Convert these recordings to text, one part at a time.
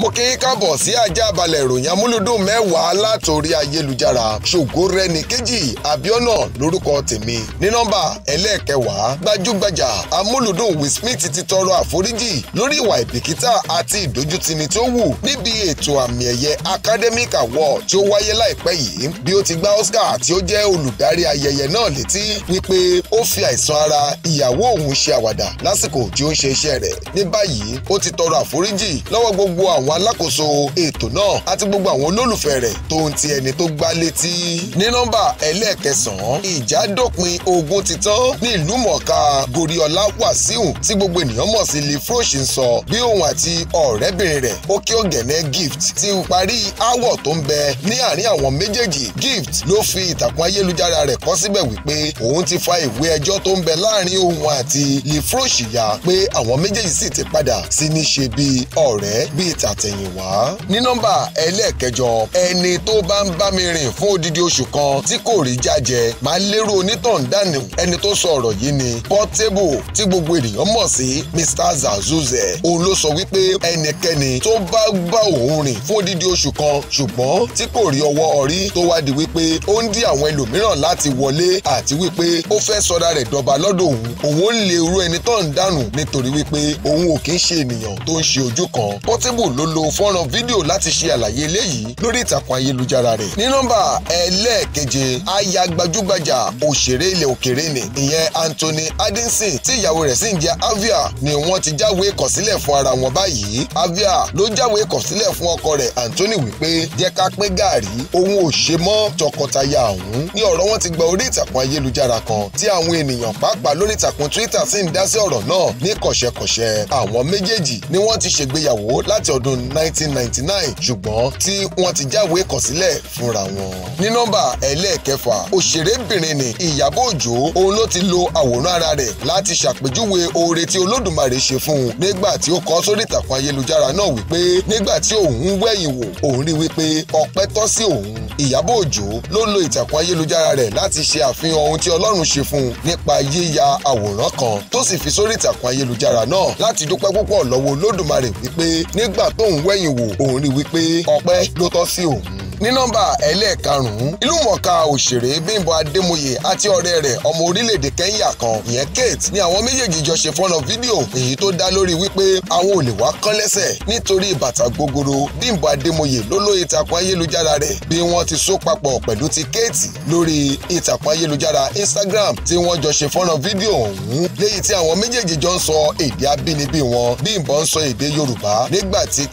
mo kí káàbọ̀ sí ajá balẹ̀ ìròyìn amúlùdùn mẹ́wàá látòrí ayélujára ṣògo rẹni kejì abiona lórúkọ tèmi ní nọ́mbà ẹlẹ́ẹ̀kẹwàá gbajúgbajà amúlùdùn Will Smith ti tọrọ àforíjì lórí ìwà ìbìkítà àti ìdójútini tó wù níbi ètò àmì ẹ̀yẹ academic award tí ó wáyé láìpẹ́ yìí bí ó ti gba Oscar tí ó jẹ́ olùdarí ayẹyẹ náà létí wípé ó fi àìsàn ara ìyàwó òun ṣe àwàdà lásìkò tí ó ń ṣe iṣẹ́ rẹ̀ ní báyìí ó ti tọrọ àforíjì lọ́wọ́ gbogbo àwọn àwọn alákòóso ètò náà àti gbogbo àwọn olólùfẹ́ rẹ̀ tó ń ti ẹni tó gbá létí. ní nọ́mbà ẹlẹ́ẹ̀kẹsàn-án ìjà dópin ogun ti tán ní ìlú mọ̀ọ́ká goriola wàsíù tí gbogbo ènìyàn mọ̀ sí lifrosh ń sọ bí òun àti ọ̀rẹ́bìnrin rẹ̀ Okeogene gift ti parí aáwọ̀ tó ń bẹ ní àárín àwọn méjèèjì gift ló fi ìtàkùn ayélujára rẹ̀ kọ síbẹ̀ wípé òun ti fa ìwé ẹjọ́ tó ń bẹ láàárín òun àti lifrosh ya pé àwọn méjèèjì sì ti padà sí ní ṣe bíi ọ̀rẹ́ bíi tàt àtẹ̀yìnwá. ní nọ́mbà ẹlẹ́ẹ̀kẹjọ ẹni tó bá ń bá mi rìn fún odidi oṣù kan tí kò rí jájẹ máa lérò onítàn dànù ẹni tó sọ ọ̀rọ̀ yìí ni Portable tí gbogbo ènìyàn mọ̀ sí Mr Zazuze òun ló sọ wípé ẹnikẹ́ni tó bá bá òun rìn fún odidi oṣù kan ṣùgbọ́n tí kò rí ọwọ́ ọ̀rí tó wá di wípé ó ń dí àwọn ẹlòmíràn láti wọlé àti wípé ó fẹ́ sọ̀dà rẹ̀ dọ̀bà lọ́dọ̀ òun òun lè ru ẹni tó ń dànù nítorí wípé òun ò kí ń ṣe ènìyàn tó ń ṣe ojú kan Portable ló lo fọ́nrán fídíò láti ṣe àlàyé eléyìí lórí ìtàkùn ayélujára rẹ̀ ní nọ́mbà ẹlẹ́ẹ̀keje aya gbajúgbajà òṣèré ilẹ̀ òkèrè ni ìyẹn Anthony Addison tí ìyàwó rẹ̀ sì ń jẹ́ Avia ni wọ́n ti jáwé kọ̀sílẹ̀ fún ara wọn báyìí Avia ló jáwé kọ̀sílẹ̀ fún ọkọ rẹ̀ Anthony wípé jẹ́ ká pín gàrí òun ò ṣe mọ́ tọkọtaya ọ̀hún ní ọ̀rọ̀ wọn ti gba orí ìtàkùn ayélujára kan tí àwọn ènìyàn pàápàá lórí ìtàkùn Twitter sì ń dá sí ọ̀rọ̀ náà ní kọ̀ṣẹ̀kọ̀ṣẹ̀ àwọn méjèèjì ni wọ́n ti ṣègbéyàwó láti ọdún 1999 ṣùgbọ́n tí wọ́n ti jáwé ìkọ̀sílẹ̀ fúnra wọn. ní nọ́mbà ẹlẹ́ẹ̀kẹfà òṣèrébìnrin ni Ìyábọ̀ Òjó òun ló ti lo àwòrán ara rẹ̀ láti ṣàpèjúwe oore tí Olódùmarè ṣe fún un nígbà tí ó kọ sórí ìtàkùn ayélujára náà wípé nígbà tí òun wẹ̀yìn wò òun rí wípé ọpẹ́ tọ́ sí òun Ìyábọ̀ Òjó ló lo ìtàkùn ayélujára rẹ̀ láti ṣe àfihàn ohun tí Ọlọ́run ṣe fún un nípa yíya àwòrán kan tó sì fi sórí ìtàkùn ayélujára náà láti dúpẹ́ púpọ̀ lọ́wọ́ Olódùmarè wípé nígbà tó tóun wẹ̀yìn wò òun rí wípé ọpẹ́ ló tọ́ sí òun ní nọ́mbà ẹlẹ́ẹ̀karùn-ún ìlúmọ̀ọ́ká òṣèré Bímbọ́ Adémọ́yè àti ọ̀rẹ́ rẹ̀ ọmọ orílẹ̀-èdè Kẹ́ńyà kan ìyẹn Kate ni àwọn méjèèjì jọ ṣe fọ́nà fídíò èyí tó dá lórí wípé àwọn ò lè wá kán lẹ́sẹ̀ nítorí bàtà gogoro Bímbọ́ Adémọ́yè ló ló ìtàkùn ayélujára rẹ̀ bí wọ́n ti so papọ̀ pẹ̀lú ti Kate lórí ìtàkùn ayélujára Instagram tí wọ́n jọ ṣe fọ́nà fídíò ọ̀hún léyìí tí àwọn méjèèjì jọ ń sọ èdè abínibí wọn Bímbọ́ ń sọ èdè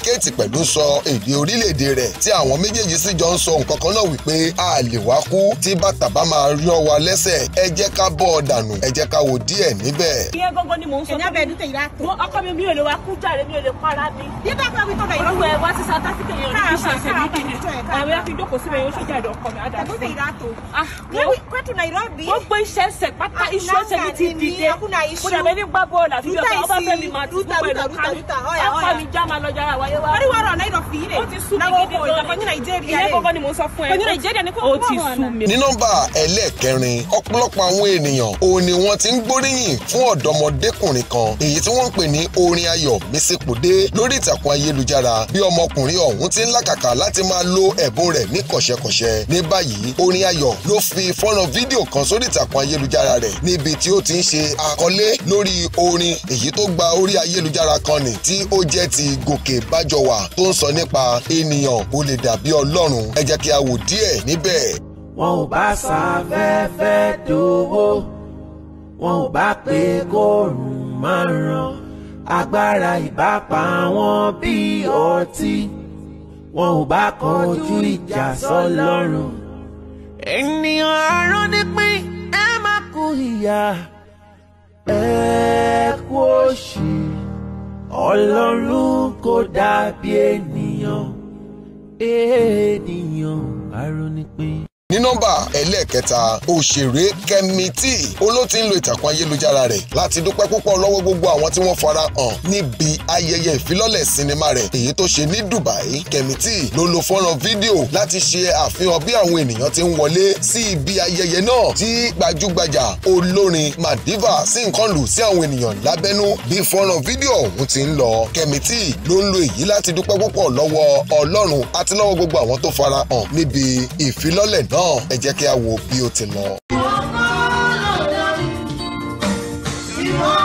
Kate pẹ̀lú sọ èdè orílẹ̀-èdè rẹ̀ tí àwọn méjèèjì sì jọ ń sọ nǹkan kan náà wípé a lè wá kú tí bàtà bá máa rí ọ wa lẹ́sẹ̀ ẹ jẹ́ ká bọ́ ọ dànù ẹ jẹ́ ká wo díẹ̀ níbẹ̀. ìyẹn gọ́gọ́ ni mò ń sọ fún mi ọkọ mi mi ò lè wá kú jàre mi ò lè kọ́ ara mi. bí bá pẹ́ wí tọ́ka ìlú ẹ̀ wá sí south africa yẹn ò ní kí ṣe ṣe ní kíni àwọn jókòó síbẹ̀ yóò ṣèjà ìdọ̀kọ mi á dà sí to Nairobi. Wọ́n gbé iṣẹ́ ẹsẹ̀ pátá ah, iṣẹ́ ẹsẹ̀ mi ti dìde. Ah, mo dàbẹ̀ ní gbá bọ́ọ̀lù àti bí ọba fẹ́ mi máa tún pẹ̀lú kánú. Ẹ pa mi já máa lọ wáyé wá. Orí rọ̀ náírà fi ilé. Ó ti sú mi gidi gan. Ìyẹn Nàìjíríà. Ìyẹn gbọ́ngàn ni mo sọ fún ẹ. Òní Nàìjíríà ni kò wọ́n rọ̀ ní nọ́mbà ẹlẹ́ẹ̀kẹrin ọ̀pọ̀lọpọ̀ àwọn ènìyàn òun ni wọ́n ti ń gbóríyìn fún ọ̀dọ́mọdékùnrin kan èyí tí wọ́n ń pè ní orin ayọ̀ mísípòdé lórí ìtàkùn ayélujára bí ọmọkùnrin ọ̀hún ti ń làkàkà láti máa lo ẹ̀bùn rẹ̀ ní kọ̀ṣẹ̀kọ̀ṣẹ̀ ní báyìí orin ayọ̀ ló fi fọ́nrán fídíò kan sórí ìtàkùn ayélujára rẹ̀ níbi tí ó ti ń ṣe àkọlé lórí orin èyí tó gba orí ayélujára kan nì tí ó jẹ́ ti Gòkè Bájọwà tó ń sọ nípa ènìyàn ò lè dàbí Ọlọ́run ẹ jẹ́ kí a wò díẹ̀ níbẹ̀. wọn ò bá sáfẹ́fẹ́ dòwó wọn ò bá pé kóòrùn máa ràn agbára ìbápa wọn bí ọtí wọn ò bá kọjú ìjà sọ́lọ́run. So ènìyàn aràn ní pín ẹ má kú ìyà ẹ kú òṣì ọlọ́run kò dàbí ènìyàn ènìyàn ní nọ́mbà ẹlẹ́ẹ̀kẹta òṣèré Kẹ́mi T olóòtú ń lo ìtàkùn ayélujára rẹ̀ láti dúpẹ́ púpọ̀ lọ́wọ́ gbogbo àwọn tí wọ́n fara hàn níbi ayẹyẹ ìfilọ́lẹ̀ sinimá rẹ̀ èyí tó ṣe ní Dubai Kẹ́mi T ló lo fọ́nrán fídíò láti ṣe àfihàn bí àwọn ènìyàn ti ń wọlé sí ibi ayẹyẹ náà tí gbajúgbajà olórin Madiva sì ń kàn lù sí àwọn ènìyàn lábẹ́nú bí fọ́nrán fídíò ọ̀hún ti ń lọ Kẹ́mi T ló ń lo èyí láti dúpẹ́ púpọ̀ lọ́wọ́ Ọlọ́run àti lọ́wọ́ gbogbo àwọn tó fara hàn níbi ìfilọ́lẹ̀ náà náà ẹ jẹ́ kí a wo bí ó ti lọ. ìwọ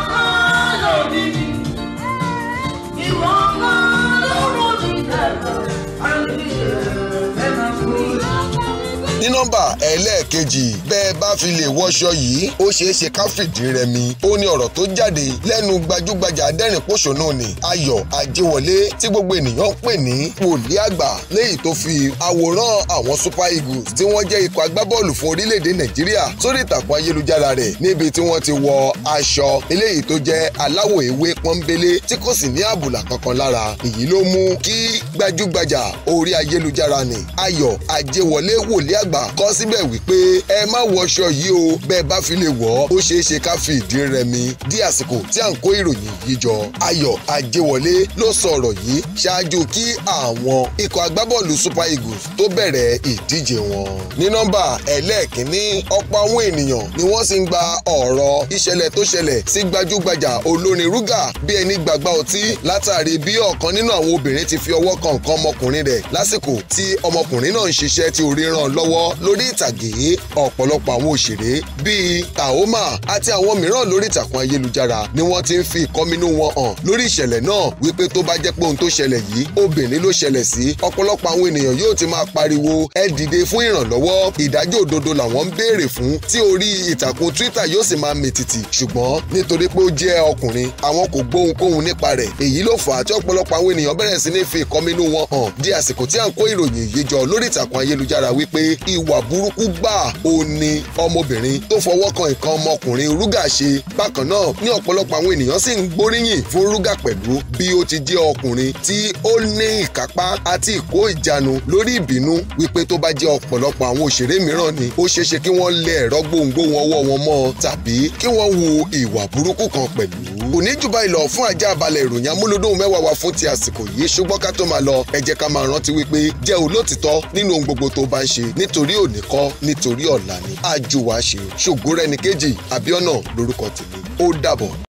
ní nọ́mbà ẹlẹ́ẹ̀kejì bẹ́ẹ̀ bá fi lè wọṣọ yìí ó ṣeé ṣe ká fìdí rẹmi ó ní ọ̀rọ̀ tó jáde lẹ́nu gbajúgbajà adẹ́rìn pòṣónú ni ayọ̀ ajéwọlé tí gbogbo ènìyàn ń pè ní wòlíì àgbà léyìí tó fi àwòrán àwọn super eagles tí wọ́n jẹ́ ikọ̀ agbábọ́ọ̀lù fún orílẹ̀-èdè nàìjíríà sórí ìtàkùn ayélujára rẹ̀ níbi tí wọ́n ti wọ aṣọ eléyìí tó jẹ́ aláwọ̀ ewé pọ́nbélé tí kò sì ní àbùlà kankan lára èyí ló mú kí gbajúgbajà orí ayélujára ni ayọ̀ ajéwọlé wòlíì àgbà àgbà kọ síbẹ̀ wípé ẹ má wọṣọ yìí o bẹ́ẹ̀ bá fi lè wọ̀ ó ṣeé ṣe ká fi ìdí rẹmi dí àsìkò tí à ń kó ìròyìn yìí jọ ayọ̀ ajẹ́wọlé ló sọ̀rọ̀ yìí ṣáájú kí àwọn ikọ̀ agbábọ́ọ̀lù super eagles tó bẹ̀rẹ̀ ìdíje wọn. ní nọ́mbà ẹlẹ́ẹ̀kínní ọ̀pọ̀ àwọn ènìyàn ni wọ́n sì ń gba ọ̀rọ̀ ìṣẹ̀lẹ̀ tó ṣẹlẹ̀ sí gbajúgbajà olórin rúgà bí ẹni gbàgbá ọtí látàrí bí ọ̀kan nínú àwọn obìnrin ti fi ọwọ́ kan nǹkan ọmọkùnrin rẹ̀ lásìkò wọn lórí ìtàgé ọ̀pọ̀lọpọ̀ àwọn òṣèré bíi Taoma àti àwọn mìíràn lórí ìtàkùn ayélujára ni wọ́n ti ń fi ìkọminú wọn hàn lórí ìṣẹ̀lẹ̀ náà wípé tó bá jẹ́ pé ohun tó ṣẹlẹ̀ yìí obìnrin ló ṣẹlẹ̀ sí ọ̀pọ̀lọpọ̀ àwọn ènìyàn yóò ti máa pariwo ẹ dìde fún ìrànlọ́wọ́ ìdájọ́ òdodo làwọn ń béèrè fún tí orí ìtàkùn Twitter yóò sì máa mìtìtì ṣùgbọ́n nítorí pé ó jẹ́ ọkùnrin àwọn kò gbóhunkóhun nípa rẹ̀ èyí ló fà á tí ọ̀pọ̀lọpọ̀ àwọn ènìyàn bẹ̀rẹ̀ sí ní fi ìkọminú wọn hàn ìwà burúkú gbáà ó ní ọmọbìnrin tó fọwọ́ kan nǹkan ọmọkùnrin rúgà ṣe bákan náà ní ọ̀pọ̀lọpọ̀ àwọn ènìyàn sì ń gbóríyìn fún rúgà pẹ̀lú bí ó ti jẹ́ ọkùnrin tí ó ní ìkápá àti ìkó ìjánu lórí ìbínú wípé tó bá jẹ́ ọ̀pọ̀lọpọ̀ àwọn òṣèré mìíràn ni ó ṣeéṣe kí wọ́n lé ẹ̀rọ gbohùngbohùn ọwọ́ wọn mọ́ tàbí kí wọ́n wu ìwà burúkú kan pẹ̀lú kò ní jù báyìí lọ fún ajá balẹ̀ ìròyìn amúlódún mẹ́wàá wa fún ti àsìkò yìí ṣùgbọ́n ká tó máa lọ ẹ jẹ́ ká máa rántí wípé jẹ́ olótìtọ́ nínú ohun gbogbo tó bá ń ṣe nítorí òní kọ́ nítorí ọ̀la ni àjùwà ṣe ṣògo rẹ̀ ní kejì àbíọ́nà lórúkọ tèmi ó dàbọ̀.